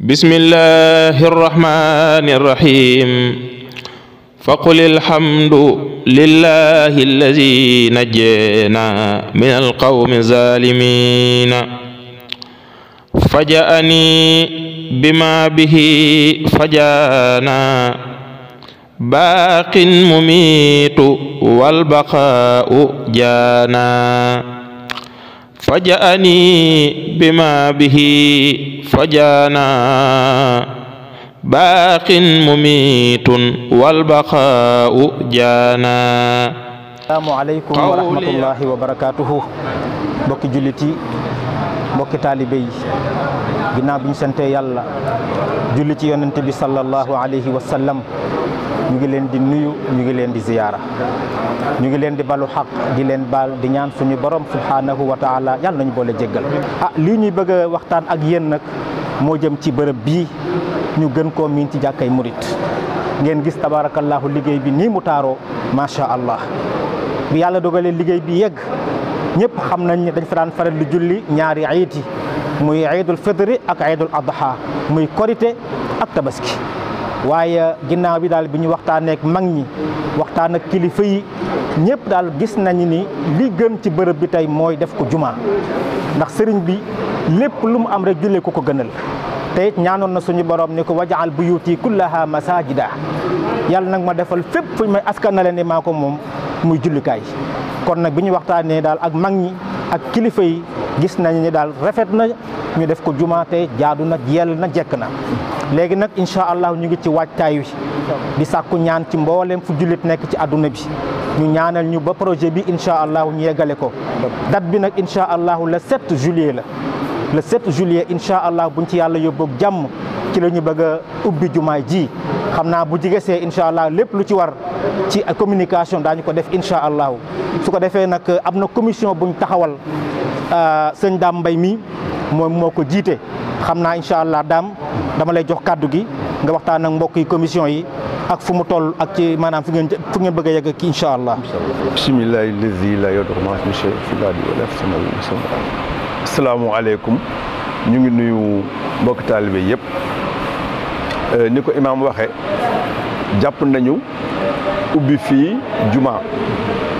بسم الله الرحمن الرحيم فقل الحمد لله الذي نجينا من القوم الظالمين فجأني بما به فجانا باق مميت والبقاء جانا فجاني بما به فجانا باق مميت والبقاء جانا السلام عليكم ورحمه الله وبركاته بك جلتي بك طالبي غنا بن سنتي يالا جلتي يونتي بي صلى الله عليه وسلم ñu ngi leen di nuyu ñu ngi leen di ziyaara ñu ngi leen di balu xaq di leen baal di ñaan suñu borom subhaanahu wa taala yàlla nañu boole jéggal ah lii ñuy bëgg a waxtaan ak yéen nag moo jëm ci bërëb bii ñu gën koo miin ci jàkkay murit ngeen gis tabaarakallaahu liggéey bi nii mu taaroo macha allah bi yàlla dogalee liggéey bi yegg ñëpp xam nañ ne dañ fa daan faral di julli ñaari ayit yi muy ayidul fitri ak ayidul adha muy korite ak tabaski waaye eh, ginnaaw bi daal bi ñu waxtaanee ak mag ñi waxtaan ak kilifa yi ñëpp daal gis nañu ni li gën ci bërëb bi tey mooy def ko jumaa ndax sëriñ bi lépp lu mu am rek jullee ko ko gënal te ñaanoon na suñu borom ni ko wajaal buyuti kullaha masajida yàlla nag ma defal fépp fu may askanale ni maa ko moom muy jullikaay kon nag bi ñu waxtaanee daal ak mag ñi ak kilifa yi gis nañu ni daal rafet na ñu def ko jumaa tey jaadu na yell na jekk na léegi nag incha allah ñu ngi ci waajtaay wi di sàkku ñaan ci mboolem fu jullit nekk ci àdduna bi ñu ñaanal ñu ba projet bi incha allah ñu yeggale ko date bi nag incha allah le 7 juillet la le 7 juillet incha allah ñu ci yàlla yóbboog jàmm ci la ñu bëgg a ubbi jumaay ji xam naa bu jigesee incha allah lépp lu ci war ci communication daañu ko def incha allah su ko defee nag am na commission buñ taxawal euh, sëñ Dame mbay mi moom moo ko jiite xam naa incha allah daam dama lay jox kàddu gi nga waxtaan ak mbokk yi commission yi ak fu mu toll ak ci maanaam fu ngeen fu ngeen bëgg a yegg ki incha allah. bismillahi lazi la yadurru ma'a ismihi shay'un asalaamaaleykum ñu ngi nuyu mbokk taalibe yëpp euh, ni ko imaam waxe jàpp nañu ubbi fii juma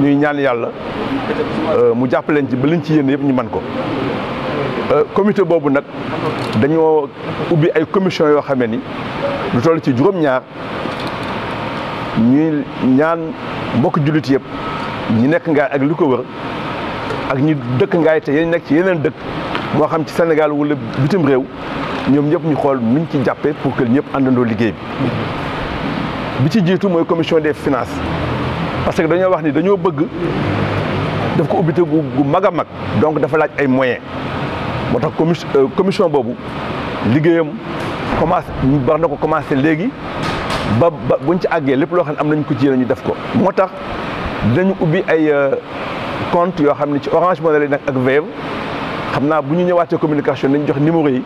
ñuy ñaan yàlla euh, mu jàpp leen ci ba liñ ci yéen yëpp ñu man ko euh, comité boobu nag dañoo ubbi ay commission yoo xam ne ni lu toll ci juróom-ñaar ñuy ñaan mbokk jullit yëpp ñi nekk ngaay ak lu ko wër ak ñi dëkk ngaay te yéen nekk ci yeneen dëkk moo xam ci Sénégal wala bitim réew ñoom ñëpp ñu xool nuñ ci jàppee pour kë ñëpp àndandoo liggéey bi bi ci jiitu mooy commission des finances parce que dañoo wax ni dañoo bëgg daf ko ubbite gu gu mag a mag donc dafa laaj ay moyens moo tax commission euh, commission boobu liggéeyam commencé war na ko commencé léegi ba ba buñ ci àggee lépp loo xam ne am nañ ko ci yéen ñu def ko. moo tax dañu ubbi ay euh, compte yoo xam ne ci Orange Money la nag ak Wave xam naa bu ñu ñëwaatee communication nañ jox numéro yi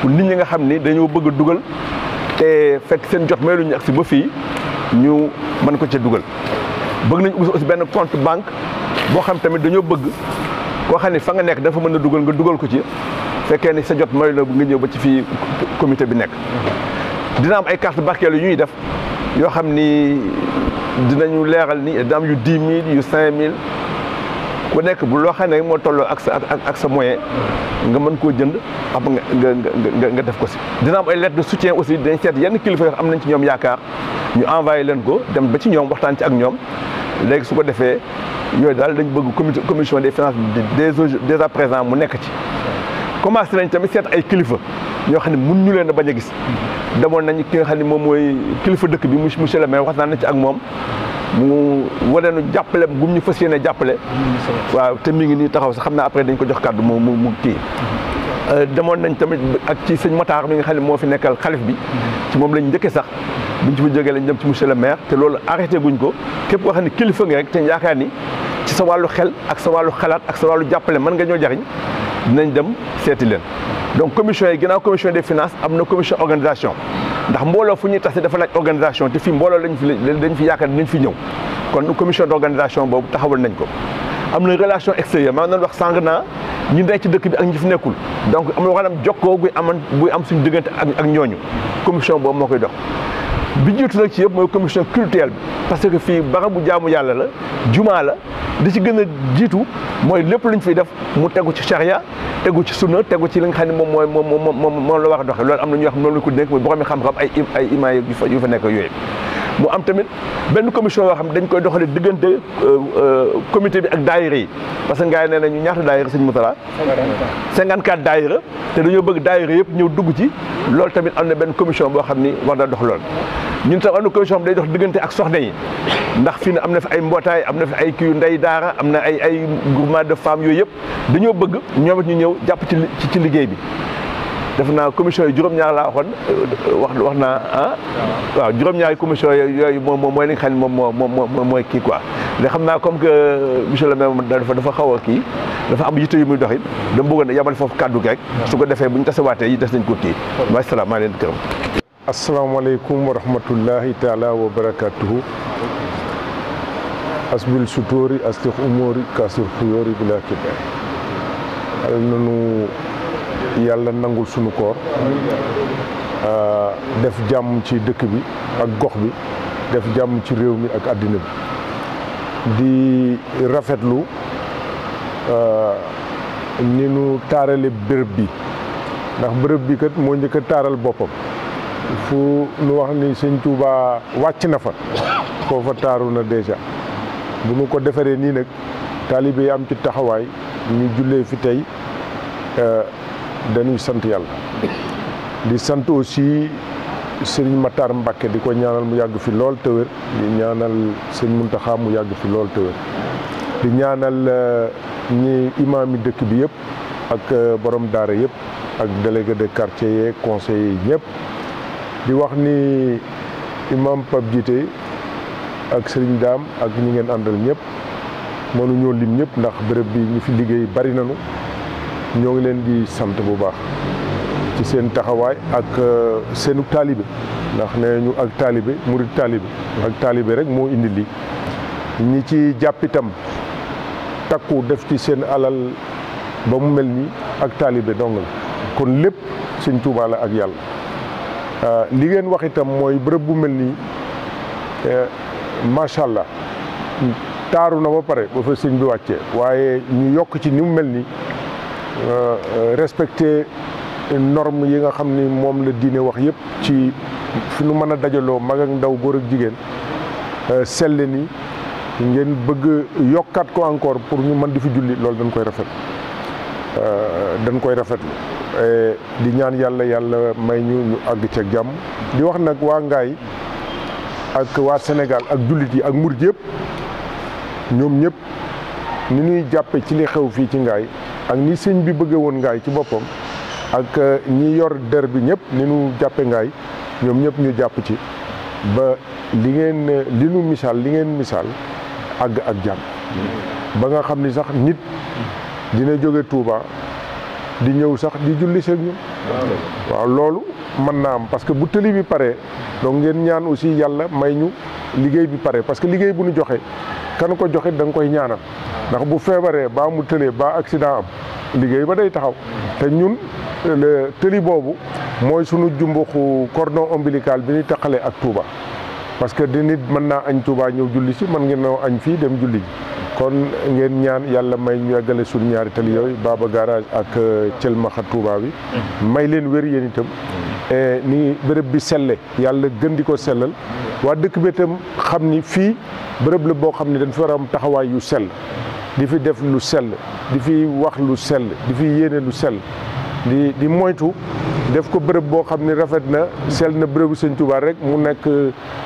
pour nit ñi nga xam ni dañoo bëgg dugal te fekk seen jot may lu ñu si ba fii ñu mën ko ca dugal. bëgg nañu ubbi aussi benn compte banque boo xam tamit dañoo bëgg koo xam ne fa nga nekk dafa mën a dugal nga dugal ko ci fekkee ni sa jot mooy la nga ñëw ba ci fii comité bi nekk. dina am ay carte barkeelu yu ñuy def yoo xam ni dinañu leeral ni dina am yu dix mille yu cinq mille ku nekk bu loo xam ne moo tolloo ak sa ak sa moyen nga mën koo jënd ab nga nga nga def ko si. dina am ay lettre de soutien aussi dañ seet yenn kilifa yoo am nañ ci ñoom yaakaar ñu envoyé leen ko dem ba ci ñoom waxtaan ci ak ñoom léegi su ko defee yooyu daal dañ bëgg commission des finances dès dès à présent mu nekk ci. commencé nañ tamit seet ay kilifa ñoo xam ne mun ñu leen a bañ a gis demoon nañ ki nga xam ne moom mooy kilifa dëkk bi monsieur le maire wax naa na ci ak moom. mu wane nu jàppale bu ñu fas yéene jàppale. waaw te mi ngi nii taxaw sax xam naa après dañ ko jox kàddu mu mu mu kii. demoon nañ tamit ak ci sëñ Matar mi nga xam ne moo fi nekkal xalif bi. ci moom lañ njëkke sax. buñ ci fa lañ dem ci monsieur le maire te loolu arrêté guñ ko képp koo xam ne kilifa nga rek te yaakaar ni ci sa wàllu xel ak sa wàllu xalaat ak sa wàllu jàppale man nga ñoo jariñ nañ dem seeti leen. donc commission yi ginnaaw commission de finances am na commission organisation. ndax mbooloo fu ñuy tase dafa laaj organisation te fii mbooloo lañ fi lañ fi yaakaar nañ fi ñëw kon commission d' organisation boobu taxawal nañ ko am na relation extérieure maa ngi doon wax sàng naa ñu nekk ci dëkk bi ak ñu fi nekkul donc am na maanaam jokkoo buy aman buy am suñu diggante ak ak ñooñu commission boobu moo koy dox bi jiitu nag ci yëpp mooy commission culturelle bi parce que fii barabu jaamu yàlla la jumaa la di ci gën a jiitu mooy lépp lu ñu fiy def mu tegu ci charia tegu ci sunna tegu ci li nga xam ne moom mooy moom moom la war a doxee loolu am na ñuy wax noonu la ñu ko dénk mooy borom xam-xam ay ay imaam yu fa nekk yooyu mu am tamit benn commission yoo xam ne dañ koy doxale diggante euh, euh, comité bi ak daayira yi parce que ngaa yi nee na ñu ñaata daayira sëñ Moutala 54 daayira te dañoo bëgg daayira yëpp ñëw dugg ci loolu tamit am na benn commission boo xam ni war na dox lool ñun tam am na commission bi day dox diggante ak soxna yi ndax fii ne am na fi ay mbootaay am na fi ay kii yu ndey daara am na ay ay groupement de femmes yooyu yëpp dañoo bëgg ñoom ñu ñëw jàpp ci ci liggéey bi def naa commission yi juróom-ñaar laa waxoon euh, wax wax naa ah. waaw juróom-ñaari commission yooyu moom mooy li nga xam ne moom mooy kii quoi. mais xam naa comme que euh, monsieur le maire dafa dafa xaw a kii dafa am yitte yu muy doxit dama bëggoon a yamal foofu kàddu gi rek. su ko defee bu ñu tasewaatee yi des nañ ko kii. waaye salaam maa leen di gërëm. asalaamaaleykum wa rahmatullahi taala wa barakatuhu. asbil sutóori astix umóori kasur xuyóori bila kibar. yàlla nangul sunu koor euh, def jàmm ci dëkk bi ak gox bi def jàmm ci réew mi ak àddina bi di rafetlu euh, ni nu taarale bërëb bi ndax bërëb bi kat moo njëkk taaral boppam fu nu wax ni sëñ Touba wàcc na fa foofa taaru na déjà bu nu ko defaree nii nag taalibe yi am ci taxawaay ñu jullee fi tey euh, dañuy sant yàlla di sant aussi sëriñ Matar Mbacke di ko ñaanal mu yàgg fi lool te di ñaanal sëriñ Muntaxa mu yàgg fi lool di ñaanal ñi eh, imam yi dëkk bi yëpp ak eh, borom daara yëpp ak délégué de quartier yeeg di wax ni imam Pape ak sëriñ Daam ak ñi ngeen àndal ñëpp mënuñoo lim ñëpp ndax béréb bi ñu fi liggéey bari nañu ñoo ngi leen di sant bu baax ci seen taxawaay ak euh, seenu taalibe ndax nee ñu ak taalibe murid taalibe ak taalibe rek moo indi lii ñi ci jàpp itam takku def ci seen alal ba mu mel ni ak taalibe dong la kon lépp sëñ Tuubaa ak yàlla euh, li ngeen wax itam mooy bërëb bu mel nii euh, macha allah taaru na ba pare ba fa sëñ bi wàccee waaye ñu yokk ci ni mu mel nii Euh, respecter norme yi nga xam ni moom la diine wax yëpp ci fi nu mën a dajaloo mag ndaw góor ak jigéen euh, sell ni ngeen bëgg yokkaat ko encore pour ñu mën di fi julli loolu dañ koy rafet euh, dañ koy rafetlu di ñaan yàlla yàlla may ñu ñu àgg jàmm di wax nag waa Ngaay ak waa Sénégal ak jullit yi ak murit yëpp ñoom ñëpp ni ñuy jàppe ci li xew fii ci Ngaay ak ni sëñ bi bëgge won ngaay ci boppam ak ñi yor der bi ñëpp ni nu jàppe ngaay ñoom ñëpp ñu jàpp ci ba li ngeen li nu misal li ngeen ak ba nga ni sax nit dina jóge Touba di ñëw sax di julli seeg ñun waaw loolu mën naa am parce que bu bi pare donc ngeen ñaan aussi yàlla may ñu liggéey bi pare parce que liggéey bu ñu joxe kan ko joxe dang nga koy ñaanal ndax bu feebaree baa mu tëlee baa accident am liggéey ba day taxaw te ñun tëli boobu mooy sunu jumbuxu cordon ombilical bi ñuy taxalee ak Touba. parce que di nit mën naa añ Touba ñëw julli si mën ngeen añ fii dem julli ji kon ngeen ñaan yàlla may ñu eggale suñu ñaari tëli yooyu Baba Garage ak Cëlmaxa euh, Touba bi. may leen wér yéen itam. ni bërëb bi selle yàlla gën di ko sellal. waa dëkk bi itam xam ni fii bërëb la boo xam ne dañ fa war am taxawaay yu sell. di fi def lu sell di fi wax lu sell di fi yéene lu sell di di moytu def ko bërëb boo xam ne rafet na sell na bërëbu sëñ Tuubaa rek mu nekk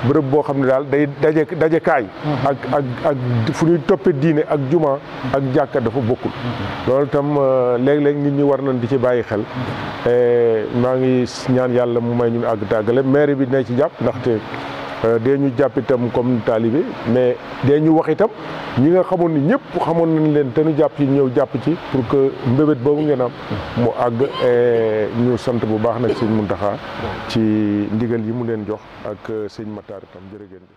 bërëb boo xam ne daal day daje dajekaay mm-hmm. ak ak ak fu ñuy toppe diine ak juma ak jàkka dafa bokkul mm-hmm. loolu itam euh, léeg-léeg nit ñi war nañ di ci bàyyi xel mm-hmm. euh, maa ngi ñaan yàlla mu may ñu àgg tàggale maire bi dina ci jàpp ndaxte Euh, dee ñu jàppitam itam comme taalibe mais dee ñu wax itam ñi nga xamoon ni ñëpp xamoon nañ leen te ñu jàpp ci ñëw jàpp ci pour que mbébét boobu ngeen am mu àgg ñu sant bu baax nag sëñ Muntaxa ci ndigal yi mu leen jox ak euh, sëñ Matar itam jërëgéen bi